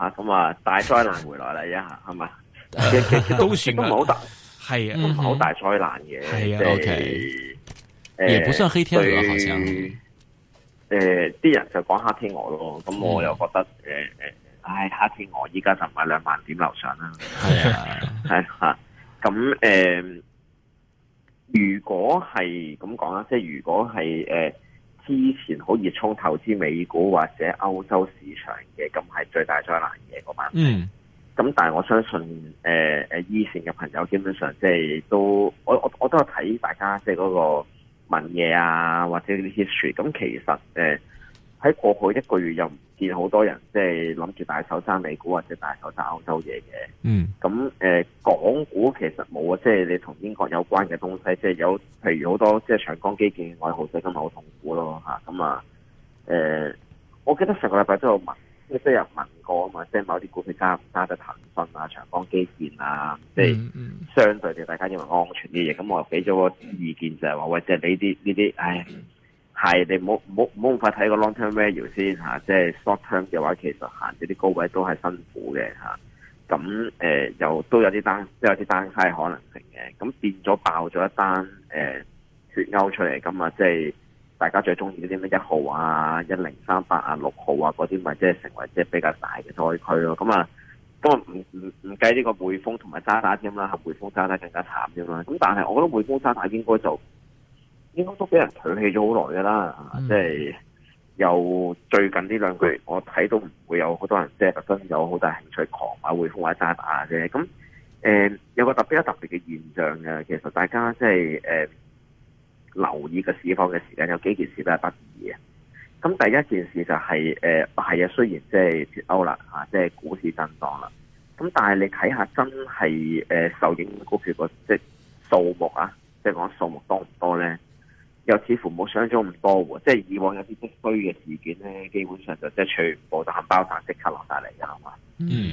啊，咁啊，大災難回來啦一下，係咪？ 其實都， 都算了，都唔係好大，係啊，都唔係好大災難嘅。係啊，OK。唔算黑天鵝好似。誒啲、呃、人就講黑天鵝咯，咁我又覺得誒誒，唉、嗯呃哎，黑天鵝依家就唔係兩萬點樓上啦。係是啊，啊，係 啊，係啊。咁、呃、誒，如果係咁講啦，即係、就是、如果係誒。呃之前好熱衷投資美股或者歐洲市場嘅，咁係最大災難嘅嗰班。嗯，咁但係我相信，誒誒，二線嘅朋友基本上即係都，我我我都有睇大家即係嗰個問嘢啊，或者呢啲 history。咁其實誒。喺過去一個月又唔見好多人，即係諗住大手揸美股或者大手揸歐洲嘢嘅。嗯。咁、呃、港股其實冇啊，即係你同英國有關嘅東西，即、就、係、是、有，譬如好多即係、就是、長江基建愛好者今日好痛苦咯咁啊，誒、啊呃，我記得上個禮拜都有問，即係都有問過啊嘛，即、就、係、是、某啲股票加唔加得騰訊啊、長江基建啊，即係、嗯嗯、相對地大家認為安全啲嘢。咁我又俾咗個意見就係、是、話，或者俾啲呢啲，唉。係，你冇冇冇咁快睇個 long term value 先即係 short term 嘅話，其實行啲高位都係辛苦嘅，咁誒，又、啊、都、啊、有啲單，即係有啲單蝦可能性嘅。咁、啊、變咗爆咗一單誒、啊、血鈎出嚟，咁啊，即係大家最中意嗰啲咩一號啊、一零三八啊、六號啊嗰啲，咪即係成為即係比較大嘅災區咯。咁啊，不過唔唔唔計呢個匯豐同埋渣打添啦，係、啊、匯豐渣打更加慘添啦。咁、啊、但係，我覺得匯豐渣打應該就……應該都俾人唾棄咗好耐噶啦，嗯、即係又最近呢兩句，我睇到唔會有好多人即係真有好大興趣狂買匯豐或者渣打啊啫。咁誒、呃、有一個特別啊特別嘅現象嘅，其實大家即係誒留意嘅市況嘅時間有幾件事都係不易嘅。咁第一件事就係誒係啊，雖然即係脫歐啦吓，即係股市震盪啦，咁但係你睇下真係誒受影股票個即係數目啊，即係講數目多唔多咧？又似乎冇想咗咁多喎，即係以往有啲必需嘅事件咧，基本上就即係全部打包晒即刻落晒嚟噶係嘛，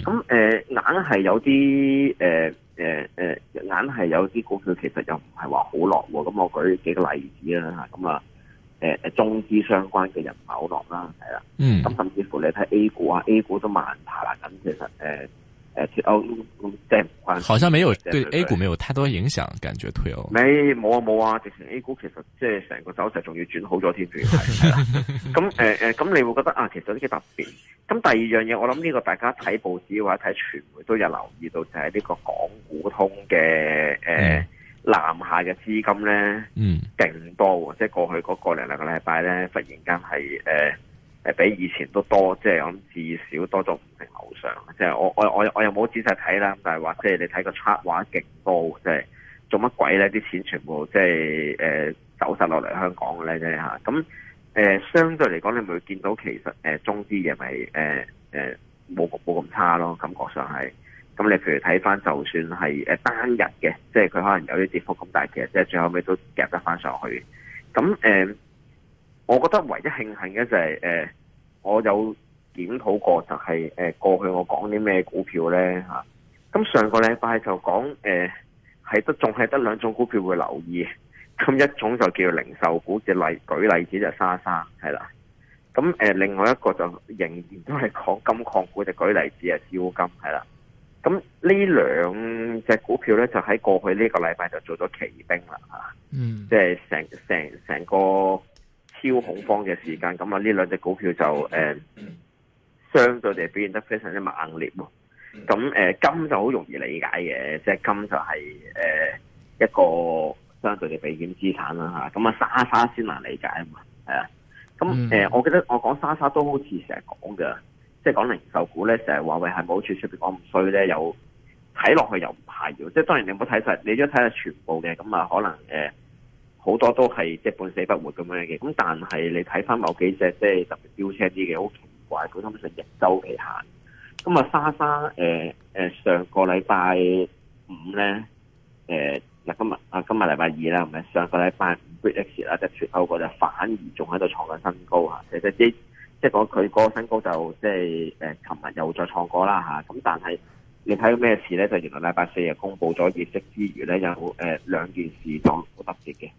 咁誒硬係有啲誒誒誒硬係有啲股票其實又唔係話好落喎，咁我舉幾個例子啦吓，咁啊誒、呃、中資相關嘅人唔係好落啦，係啦、啊，咁、mm. 嗯、甚至乎你睇 A 股啊，A 股都慢爬咁其實誒。呃誒，歐、嗯嗯、即係好像沒有對 A 股沒有太多影響，感覺脫歐。你冇啊冇啊，直情 A 股其實即係成個走勢仲要轉好咗添，仲要係啦。咁誒誒，咁、呃、你會覺得啊，其實有啲特別。咁第二樣嘢，我諗呢個大家睇報紙或者，睇傳媒都有留意到，就係呢個港股通嘅誒、呃嗯、南下嘅資金咧，嗯，勁多，即係過去嗰個零兩個禮拜咧，忽然間係誒。呃誒比以前都多，即係我諗至少多咗五成以上，即係我我我我又冇仔細睇啦，但係話即係你睇個策劃勁多，即係做乜鬼咧？啲錢全部即係誒走晒落嚟香港嘅咧，嚇！咁誒相對嚟講，你咪會見到其實中資嘅咪誒誒冇冇咁差咯，感覺上係咁。那你譬如睇翻，就算係誒單日嘅，即係佢可能有啲跌幅咁大嘅，即係最後尾都夾得翻上去。咁誒我覺得唯一慶幸嘅就係、是、誒、呃，我有檢討過，就係、是、誒過去我講啲咩股票咧吓。咁上個禮拜就講誒，係得仲係得兩種股票會留意。咁一種就叫零售股嘅，例，舉例子就莎莎係啦。咁誒、呃，另外一個就仍然都係講金礦股，就舉例子就超金，就燒金係啦。咁呢兩隻股票咧，就喺過去呢個禮拜就做咗奇兵啦吓。嗯，即係成成成個。超恐慌嘅時間，咁啊呢兩隻股票就誒，嗯嗯、相對地表現得非常之猛烈喎。咁誒、嗯呃、金就好容易理解嘅，即係金就係、是、誒、呃、一個相對嘅避險資產啦嚇。咁啊，啊莎莎先難理解啊嘛，係啊。咁、啊、誒、嗯呃，我記得我講莎莎都好似成日講嘅，即係講零售股咧，成日話喂係冇處出邊，我唔衰咧，有睇落去又唔怕嘅。即係當然你冇睇曬，你都睇下全部嘅，咁啊可能誒。呃好多都係即係半死不活咁樣嘅，咁但係你睇翻某幾隻即係特別飆車啲嘅，好奇怪佢根本上日周期限。咁啊，莎莎誒誒、呃呃、上個禮拜五咧誒，嗱、呃、今日啊今日禮拜二啦，唔係上個禮拜五、Brexit 啦，即係脫歐嗰隻，反而仲喺度創緊新高啊！其實啲即係講佢個新高就即係誒，琴、呃、日又再創過啦嚇。咁、啊、但係你睇到咩事咧？就原來禮拜四又公布咗業績之餘咧，有誒兩、呃、件事好特別嘅。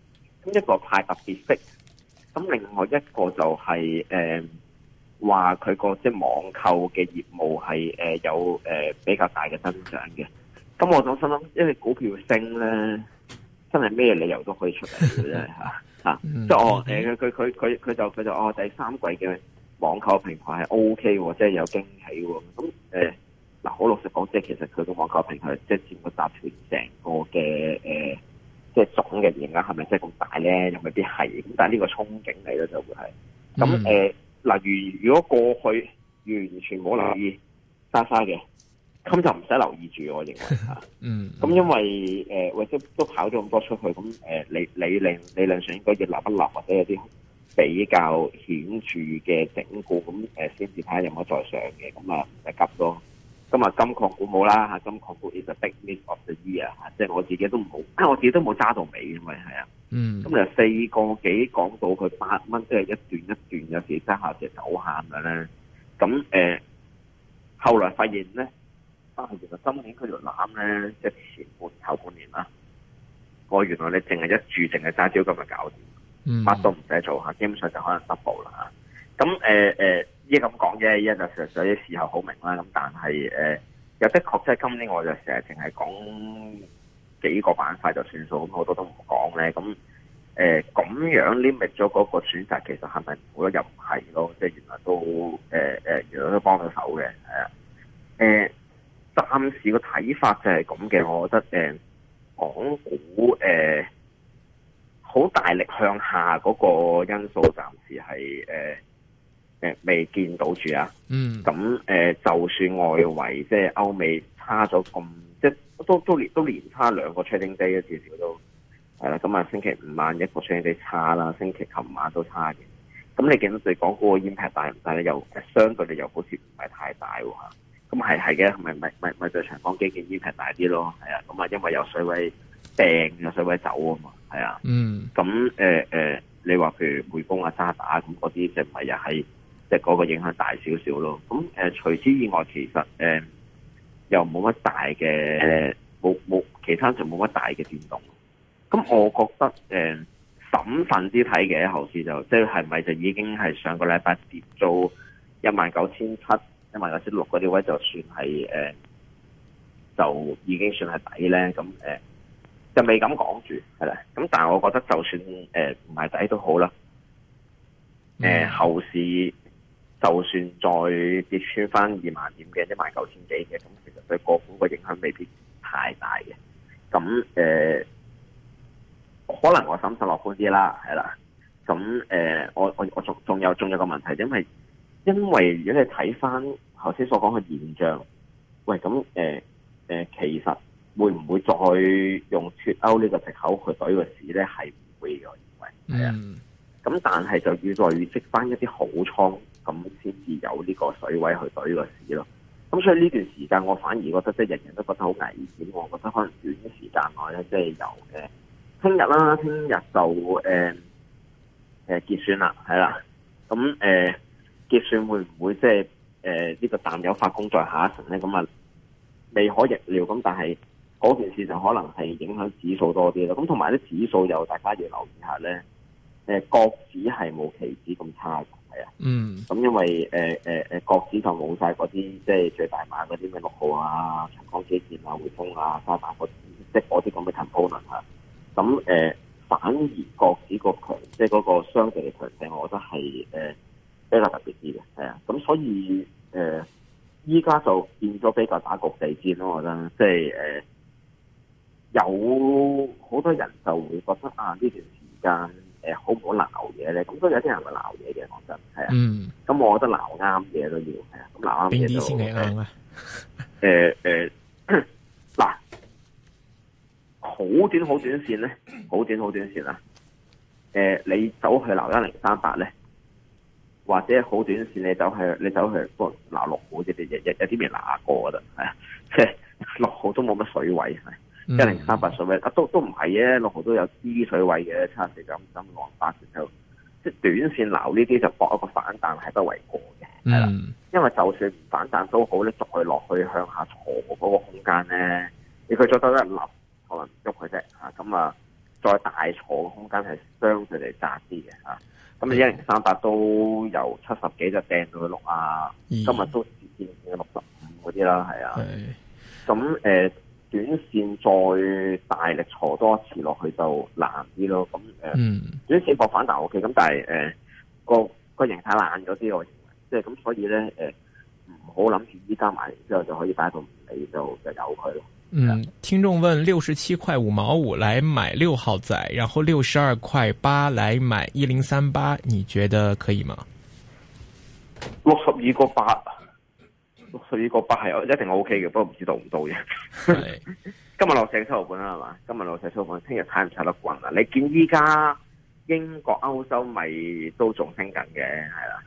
咁一個派特別息，咁另外一個就係誒話佢個即係網購嘅業務係、呃、有誒、呃、比較大嘅增長嘅。咁我想心諗，因為股票升咧，真係咩理由都可以出嚟嘅啫。即係我佢佢佢佢就佢就哦第三季嘅網購平台係 O K 喎，即、就、係、是、有驚喜喎，哦。咁誒嗱好老實講，即係其實佢個網購平台即係佔個集團成個嘅誒。呃即係總嘅變壓係咪真係咁大咧？又未必係咁，但係呢個憧憬嚟咯、就是，就會係咁誒。嗱、嗯，呃、如如果過去完全冇留意莎莎嘅，咁就唔使留意住。我認為嚇，嗯。咁、啊、因為誒，或者都跑咗咁多出去，咁誒，你你令理論上應該要立一立或者有啲比較顯著嘅整固，咁誒先至睇下有冇再上嘅，咁啊唔使急咁。今日金礦股冇啦，吓，金礦股 is a big news of the Year 啊，即係我自己都冇，因為我自己都冇揸到尾咁啊，係啊，咁啊、mm. 嗯嗯、由四個幾講到佢八蚊，即係一段一段有幾三下就走喊嘅咧，咁誒、呃，後來發現咧、啊，原來今年佢攬咧，即係前半、後半年啦，我原來你淨係一注，淨係揸少咁嘅搞掂，乜都唔使做吓，基本上就可能 double 啦吓，咁誒誒。呃呃依咁講啫，一就實在啲事後好明啦。咁但係誒，有、呃、的確即今年我就成日淨係講幾個板塊就算數，好多都唔講咧。咁誒咁樣 limit 咗嗰個選擇，其實係咪好得入唔係咯？即原來都誒、呃、原來都幫到手嘅啊、呃。暫時個睇法就係咁嘅，我覺得、呃、港股誒好、呃、大力向下嗰個因素，暫時係誒，未見到住啊！嗯，咁誒，就算外圍即係歐美差咗咁，即係都都連都連差兩個 Trading Day 至少都係啦。咁啊，星期五晚一個 Trading Day 差啦，星期琴晚都差嘅。咁你見到你講嗰個 impact 大唔大咧？但又相對嚟又好似唔係太大喎，咁，係係嘅，咪咪咪咪就長江基建 impact 大啲咯。係啊，咁啊，因為有水位掟有水位走啊嘛。係啊。嗯。咁誒、呃呃、你話譬如匯豐啊、渣打咁嗰啲，即係唔係又係？即係嗰個影響大少少咯，咁誒、呃，除此之外，其實誒、呃、又冇乜大嘅誒，冇、呃、冇其他就冇乜大嘅變動。咁我覺得誒、呃、審慎啲睇嘅後市就，即係係咪就已經係上個禮拜跌到一萬九千七、一萬九千六嗰啲位就算係誒、呃，就已經算係抵咧。咁誒、呃，就未咁講住係啦。咁但係我覺得就算誒唔係抵都好啦，誒、呃、後 Yeah. 市。就算再跌穿翻二萬點嘅一萬九千幾嘅，咁其實對個股嘅影響未必太大嘅。咁、嗯、誒，可能我審慎樂觀啲啦，係啦。咁、嗯、誒，我我我仲仲有仲有個問題，因為因為如果你睇翻頭先所講嘅現象，喂，咁誒誒，其實會唔會再用脫歐呢個借口去懟個市咧？係唔會嘅，我認為係啊。咁但係就要再積翻一啲好倉。咁先至有呢個水位去對呢個市咯。咁所以呢段時間，我反而覺得即係人人都覺得好危險。我覺得可能短時間內咧，即、就、係、是、有嘅。聽日啦，聽日就誒誒、欸、結算啦，係啦。咁、欸、誒結算會唔會即係誒呢個淡友發功再下一層咧？咁啊，未可逆料。咁但係嗰件事就可能係影響指數多啲咯。咁同埋啲指數又大家要留意一下咧。誒，國指係冇期指咁差。嗯，咁、mm hmm. 因為誒誒誒，國指就冇晒嗰啲即係最大碼嗰啲咩六號啊、長江基建啊、匯豐啊、三大個即係嗰啲咁嘅大波輪吓，咁、呃、誒反而國指個強，即係嗰個相對嘅強勢，我覺得係誒、呃、比較特別啲嘅，係啊，咁所以誒依家就變咗比較打局地戰咯，我覺得即係誒有好多人就會覺得啊呢段時間。誒，好唔好鬧嘢咧？咁都有啲人會鬧嘢嘅，講真係啊。嗯，咁我覺得鬧啱嘢都要係啊。鬧啱嘢就邊啲先係啱啊？誒誒，嗱， 好短好短綫咧，好短好短綫啊！誒、呃，你走去鬧一零三八咧，或者好短綫你走去，你走去幫鬧六號啫，日日有啲未鬧過嘅，係啊，六號都冇乜水位係。一零三八水位，啊都都唔係嘅，六號都有支水位嘅，七十四咁。六十八就即係短線流呢啲就搏一個反彈係不為過嘅，係啦、嗯，因為就算唔反彈都好咧，捉佢落去向下坐嗰個空間咧，你佢再得一粒可能喐佢啫，啊咁啊，再大坐嘅空間係相對嚟窄啲嘅，啊，咁你一零三八都有七十幾就掟到六啊，今日都跌至六十五嗰啲啦，係啊，咁誒。呃短線再大力挫多一次落去就難啲咯，咁誒，嗯、短線博反彈 OK，咁但係誒、呃、個個形態爛咗啲我認為，即係咁所以咧誒唔好諗住依家買之後就可以擺到唔理就就由佢咯。嗯、啊、聽眾問六十七塊五毛五來買六號仔，然後六十二塊八來買一零三八，你覺得可以嗎？六十二個八。所以個筆係一定 O K 嘅，不過唔知道到唔到啫是的。 今日落石七毫本啦，係嘛？今日落石七毫本，聽日睇唔踩得滾啊？你見依家英國歐洲咪都仲升緊嘅，係啦。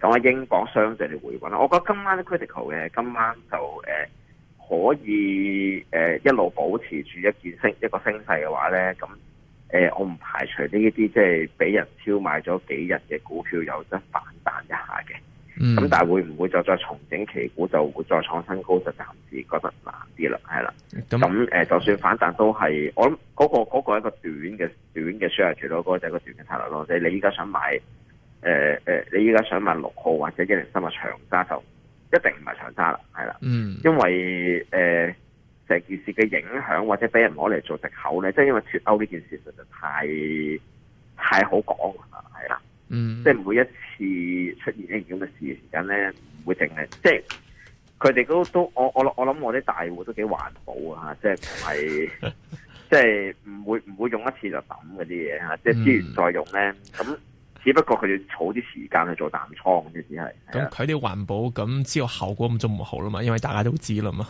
咁啊是的，英鎊相對嚟回穩啦、啊。我覺得今晚 critical 嘅，今晚就誒、呃、可以誒、呃、一路保持住一件升一個升勢嘅話咧，咁誒、呃、我唔排除呢一啲即係俾人超買咗幾日嘅股票有得反彈一下嘅。咁、嗯、但係會唔會再再重整旗鼓就會再創新高？就暫時覺得難啲啦，係啦。咁誒、嗯，就算反彈的都係，我諗嗰、那個嗰、那個、一個短嘅短嘅 share 咯，嗰、那個就係個短嘅策略咯。即、就、係、是、你依家想買誒誒、呃，你依家想買六號或者一零三或長揸就一定唔係長揸啦，係啦。嗯，因為誒成、呃、件事嘅影響或者俾人攞嚟做藉口咧，即、就、係、是、因為脫歐呢件事就太，實在太太好講，係啦。嗯，即係每一次出現呢件嘅事嘅時間咧，唔會淨係即係，佢哋都都我我我諗我啲大戶都幾環保啊，即係唔係，即係唔會唔 會，會用一次就抌嗰啲嘢啊，即係資源再用咧，咁、嗯、只不過佢哋要儲啲時間去做淡倉嘅，只係咁佢哋環保，咁之後效果咁就唔好啦嘛，因為大家都知啦嘛。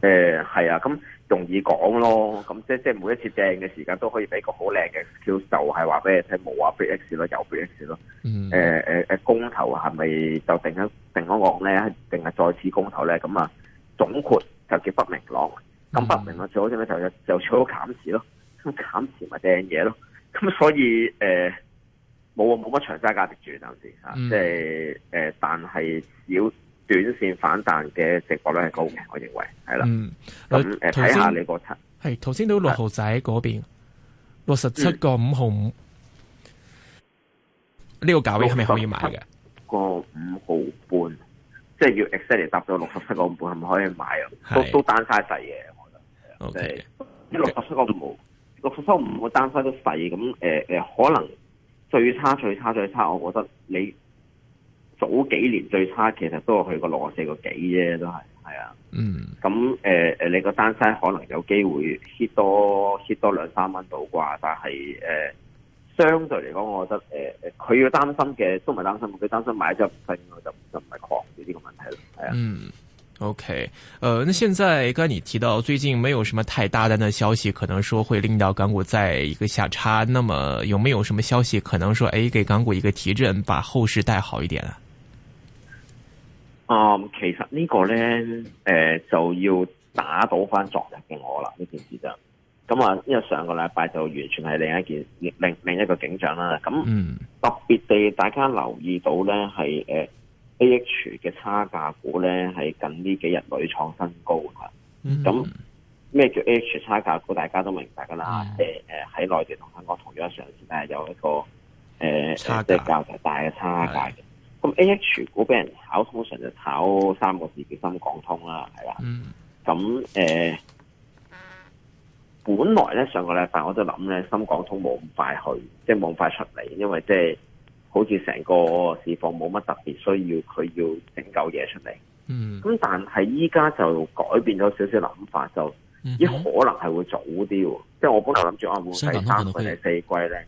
誒、呃，係啊，咁、嗯。容易講咯，咁即係即係每一次掟嘅時間都可以俾個好靚嘅 excuse 就係話俾你聽冇話 Brexit 咯，又 Brexit 咯，誒誒誒，公投係咪就定咗定一項咧？定係再次公投咧？咁啊總括就叫不明朗。咁不明朗最好嘅就係、係、就做咗減持咯，減持咪掟嘢咯。咁所以誒冇啊冇乜長揸價值住，暫時吓即係誒但係少。短線反彈嘅成功率係高嘅，我認為係啦。嗯，我睇下你個七係頭先到六號仔嗰邊六十七個五毫五，呢個價位係咪可以買嘅？個五毫半，即係要 exactly 達到六十七個五半，係咪可以買啊的？都都單晒細嘢，我覺得 O K，六十七個五，六十七個五，我單晒都細。咁誒誒，可能最差，最差最差最差，我覺得你。早幾年最差其實都係去過六四個幾啫，都係係啊。嗯。咁誒誒，你個單身可能有機會 hit 多 hit 多兩三蚊到啩，但係誒、呃、相對嚟講，我覺得誒誒，佢、呃、要擔心嘅都唔係擔心，佢擔心買咗就就唔係好。狂住呢個問題嗯。O、okay. K，呃，那現在剛才你提到最近沒有什麼太大單嘅消息，可能說會令到港股再一個下差。那麼有沒有什麼消息可能說，誒、欸，給港股一個提振，把後市帶好一點啊？啊、嗯，其實呢個呢，誒、呃，就要打倒翻昨日嘅我啦，呢件事就。咁啊，因為上個禮拜就完全係另一件、另另一個景象啦，咁特別地，大家留意到呢，係 A、呃、H 嘅差價股呢，係近呢幾日屢創新高，咁咩、嗯、叫 AH 差價股？大家都明白噶啦。誒喺內地和同香港同樣上市，但係有一個誒、呃價呃、即係較大嘅差價咁 A H 股俾人炒，通常就炒三個字叫深港通啦，係啦。咁誒、嗯呃，本來咧上個禮拜我都諗咧，深港通冇咁快去，即係冇快出嚟，因為即、就、係、是、好似成個市況冇乜特別需要佢要整嚿嘢出嚟。咁、嗯、但係依家就改變咗少少諗法，就啲可能係會早啲喎。嗯、哼即係我本來諗住我會第三季定第四季咧。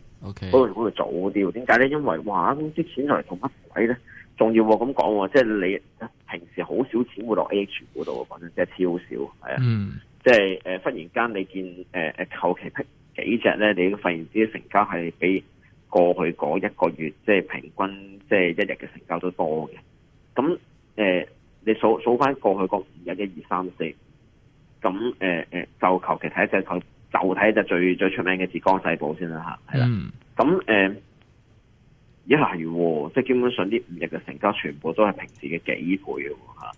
不過嗰度早啲喎？點解咧？因為哇，啲錢就嚟做乜鬼咧？仲要喎咁講喎，即係你平時好少錢會落 A H 股度，講真，即係超少，係啊，mm. 即係誒、呃、忽然間你見誒誒求其劈幾隻咧，你都發現啲成交係比過去嗰一個月即係平均即係一日嘅成交都多嘅。咁誒、呃，你數數翻過去嗰五一一二三四，咁誒誒就求其睇一隻就睇就最最出名嘅浙江世寶先啦吓，係啦。咁誒、嗯呃，咦？例如喎，即係基本上啲五日嘅成交全部都係平時嘅幾倍喎嚇。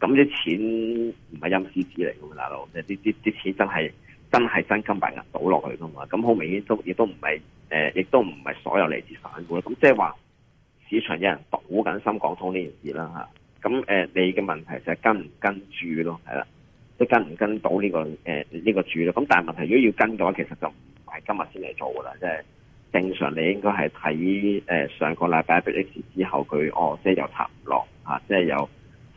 咁、啊、啲錢唔係陰司紙嚟嘅嘛大佬，即啲啲啲錢真係真係真金白銀倒落去嘅嘛。咁好明顯都亦都唔係誒，亦、呃、都唔係所有嚟自反股。咁即係話市場有人倒緊深港通呢件事啦嚇。咁、啊、誒、呃，你嘅問題就係跟唔跟住咯，係啦。即跟唔跟到呢、這個誒呢、呃這個住咧？咁但係問題，如果要跟嘅話，其實就唔係今日先嚟做嘅啦。即係正常，你應該係睇上個禮拜 A B X 之後，佢哦即係又插落、啊、即係又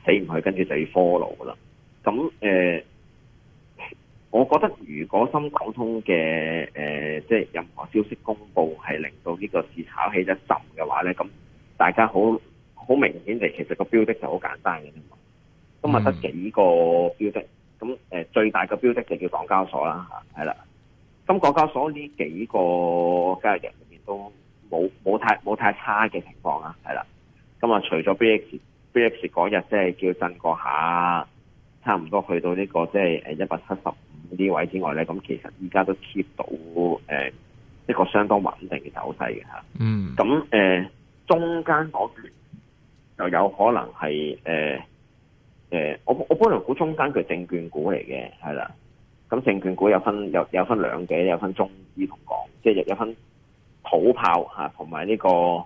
死唔去，跟住就要 follow 嘅啦。咁誒、呃，我覺得如果深港通嘅、呃、即係任何消息公布係令到呢個市炒起一陣嘅話咧，咁大家好好明顯地，其實個標的就好簡單嘅啫嘛。今日得幾個標的？嗯咁誒最大嘅標的就叫港交所啦嚇，係啦。咁港交所呢幾個交易日入面都冇冇太冇太差嘅情況啦，係啦。咁啊，除咗 BX，BX 嗰日即係叫震過下，差唔多去到呢個即係誒一百七十五呢位之外咧，咁其實依家都 keep 到誒一個相當穩定嘅走勢嘅嚇。嗯。咁、mm. 誒中間嗰段就有可能係誒。誒、呃，我我本來估中間佢係證券股嚟嘅，係啦，咁證券股有分有有分兩嘅，有分中資同港，即係有分土炮吓，同埋呢個誒誒、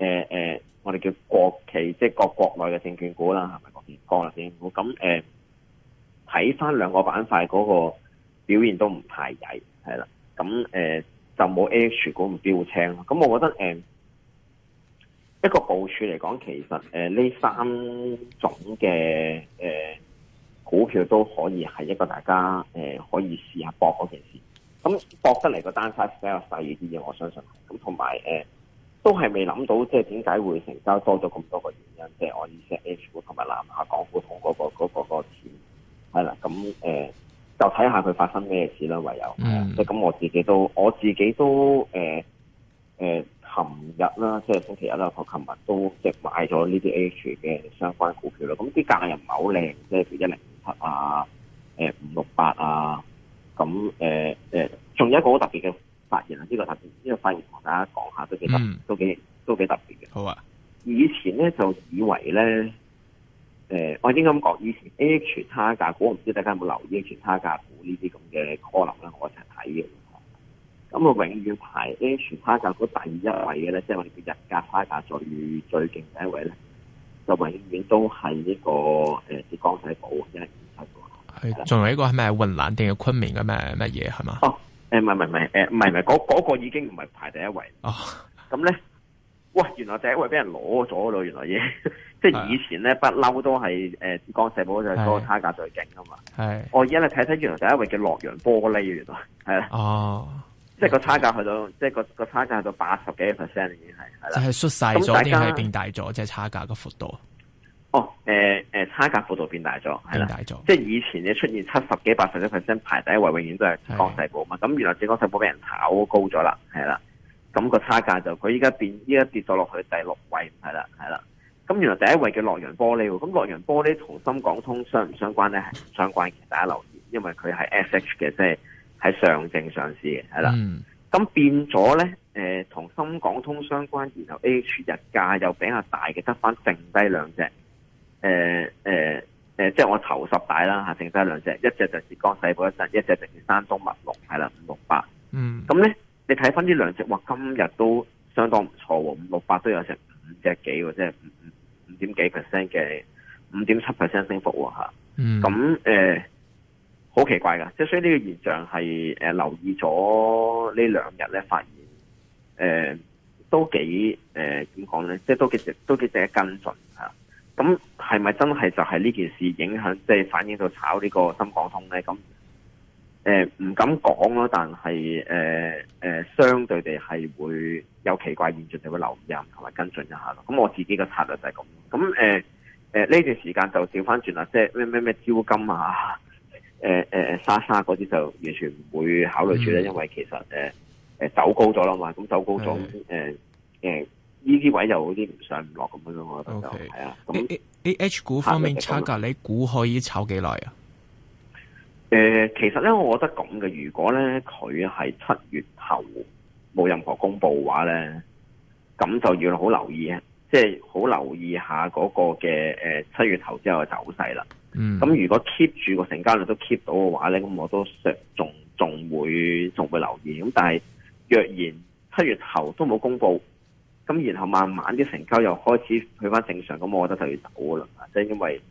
呃呃，我哋叫國企，即係各國內嘅證券股啦，係咪國聯光啦，先咁誒，睇翻兩個板塊嗰個表現都唔太曳，係啦，咁、啊、誒、呃、就冇 A H 股唔標青，咁我覺得誒。呃一個部署嚟講，其實誒呢、呃、三種嘅誒、呃、股票都可以係一個大家誒、呃、可以試下博嗰件事。咁博得嚟個單 size 比較細啲嘅，我相信。咁同埋誒都係未諗到，即係點解會成交多咗咁多個原因。即係我意思係，H 股同埋南下港股通嗰個嗰、那個嗰個錢係啦。咁誒、呃、就睇下佢發生咩事啦。唯有即係咁我自己都我自己都誒誒。呃呃琴日啦，即係、就是、星期日啦，我琴日都即係買咗呢啲 H 嘅相關股票啦。咁啲價又唔係好靚，即係譬如一零五七啊，誒五六八啊，咁誒誒，仲、呃呃、有一個好特別嘅發現啊！呢、這個特別，呢、這個發現同大家講下都幾特、嗯，都幾都幾特別嘅。好啊！以前咧就以為咧，誒、呃，我應該咁講以前 H 差價股，唔知大家有冇留意 H 差價股呢啲咁嘅可能咧？我一齊睇嘅。咁啊，永遠排 H 差價嗰第一位嘅咧，即係我哋叫日價差價最最勁第一位咧，就永遠都係呢、這個浙、呃、江世寶，因為係仲有一個係咪雲南定係昆明嘅咩乜嘢係嘛？哦，誒唔係唔係誒唔係唔係嗰個已經唔係排第一位哦。咁咧，哇！原來第一位俾人攞咗咯，原來嘢。 即係以前咧，不嬲是的 都係浙、呃、江世寶就係、是、嗰個差價最勁啊嘛。係是的、哦，我而家嚟睇睇，原來第一位叫洛陽玻璃，原來係啦。哦。即係個差價去到，Okay. 即係個個差價去到八十幾 percent 已經係，係啦。就係縮細咗，定係變大咗？即係差價個幅度。哦，誒、呃、誒、呃，差價幅度變大咗，係啦，變大咗。即係以前你出現七十幾、八十幾 percent 排第一位永遠，永遠都係浙江世寶嘛，咁原來浙江世寶俾人炒高咗啦，係啦。咁、那個差價就佢依家變，依家跌咗落去第六位，係啦，係啦。咁原來第一位嘅洛陽玻璃，咁洛陽玻璃同深港通相唔相關咧？係唔相關嘅，大家留意，因為佢係 sh 嘅，即係。係上證上市嘅，係啦，咁、嗯、變咗咧，誒、呃，同深港通相關，然後 H 日價又比較大嘅，得翻剩低兩隻，誒誒誒，即係我頭十大啦吓，剩低兩隻，一隻就浙江世寶，一隻一隻就係山東麥隆，係啦，五六八，嗯，咁咧，你睇翻呢兩隻，哇，今日都相當唔錯喎，五六八都有成五隻幾喎，即係五五五點幾 percent 嘅五點七 percent 升幅吓，嗯，咁誒、嗯。嗯呃好奇怪㗎，即係所以呢個現象係誒、呃、留意咗呢兩日咧，發現誒都幾誒點講咧，即係都幾都幾值得跟進吓。咁係咪真係就係呢件事影響，即係反映到炒個呢個深港通咧？咁誒唔敢講咯，但係誒誒相對地係會有奇怪現象就會留意同埋跟進一下咯。咁、啊、我自己嘅策略就係咁。咁誒誒呢段時間就少翻轉啦，即係咩咩咩招金啊！誒誒、呃，沙沙嗰啲就完全唔會考慮住咧，嗯、因為其實誒誒、呃、走高咗啦嘛，咁走高咗，誒誒呢啲位就好啲，唔上唔落咁樣咯，我覺得就係啦。咁 A A H 股方面差價，你估可以炒幾耐啊？誒，其實咧，我覺得咁嘅，如果咧佢係七月頭冇任何公布嘅話咧，咁就要好留意啊，即係好留意下嗰個嘅誒七月頭之後嘅走勢啦。咁、嗯、如果 keep 住個成交率都 keep 到嘅話咧，咁我都尚仲仲會仲會留意。咁但係若然七月頭都冇公布，咁然後慢慢啲成交又開始去返正常，咁我覺得就要走啦。即係因為誒、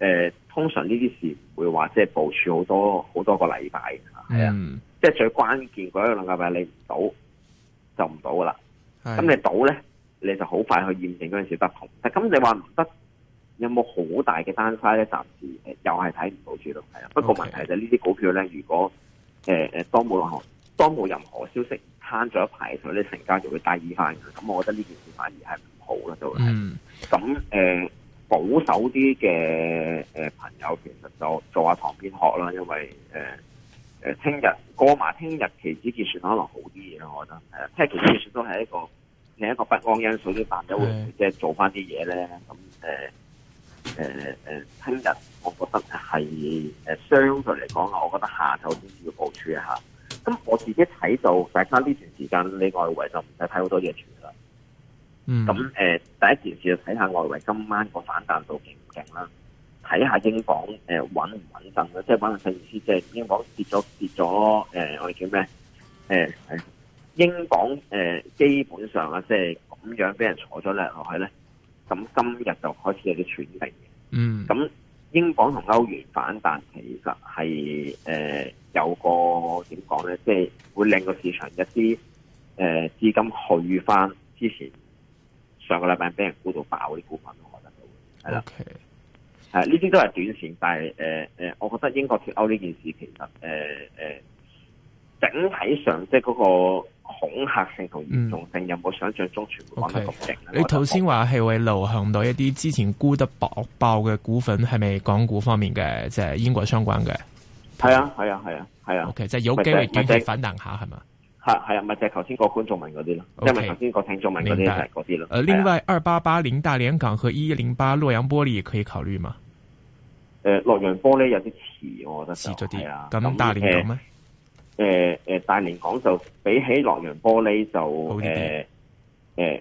呃，通常呢啲事唔會話即係部署好多好多個禮拜，係、嗯、啊，即係、嗯、最關鍵嗰一兩個禮拜你唔到就唔到噶啦。咁是你到咧，你就好快去驗證嗰陣時不同。但係咁你話唔得？有冇好大嘅單差咧？暫時、呃、又係睇唔到住咯，係啊。不過問題就係 Okay. 呢啲股票咧，如果誒、呃、當冇任何當冇任何消息攤咗一排水時咧，成交就會低啲翻，咁我覺得呢件事反而係唔好啦，就係。咁誒、mm. 呃、保守啲嘅、呃、朋友其實就做下旁邊學啦，因為誒誒聽日過埋聽日期指結算可能好啲嘅，我覺得。日期指結算都係一個另 一個不安因素，啲大手會即係做翻啲嘢咧。咁、嗯、誒。呃誒誒、呃，聽日我覺得係誒、呃，相對嚟講我覺得下晝先至要部署一下。咁我自己睇到大家呢段時間你外圍就唔使睇好多嘢住啦。嗯。咁誒、呃，第一件事就睇下外圍今晚個反彈度勁唔勁啦，睇下英鎊誒穩唔穩陣啦，即係可能甚至即係英鎊跌咗跌咗誒、呃，我哋叫咩？誒、呃、係，英鎊誒、呃、基本上啊，即係咁樣俾人坐咗落去咧。咁、嗯、今日就開始有啲喘定嘅，嗯，咁英鎊同歐元反彈，其實係誒、呃、有個點講咧，即係會令個市場一啲誒資金去翻之前上個禮拜俾人沽到爆啲股份，我覺得係啦，係呢啲都係短線，但係誒誒，我覺得英國脫歐呢件事其實誒誒。呃呃整體上，即係嗰個恐嚇性同嚴重性有冇想象中全部講嘅咁勁？你頭先話係會流行到一啲之前沽得薄爆嘅股份，係咪港股方面嘅即係英國相關嘅？係啊係啊係啊係啊，OK，即係有機會短期反彈下係嘛？係係啊，咪，就係頭先個觀眾問嗰啲咯，因為頭先個聽眾問嗰啲就係嗰啲咯。呃，另外二八八零大連港和一零八洛陽玻璃可以考慮嘛？誒，洛陽玻璃有啲遲，我覺得遲咗啲。咁大連港咩？誒誒、呃呃，大連港就比起洛陽玻璃就誒。的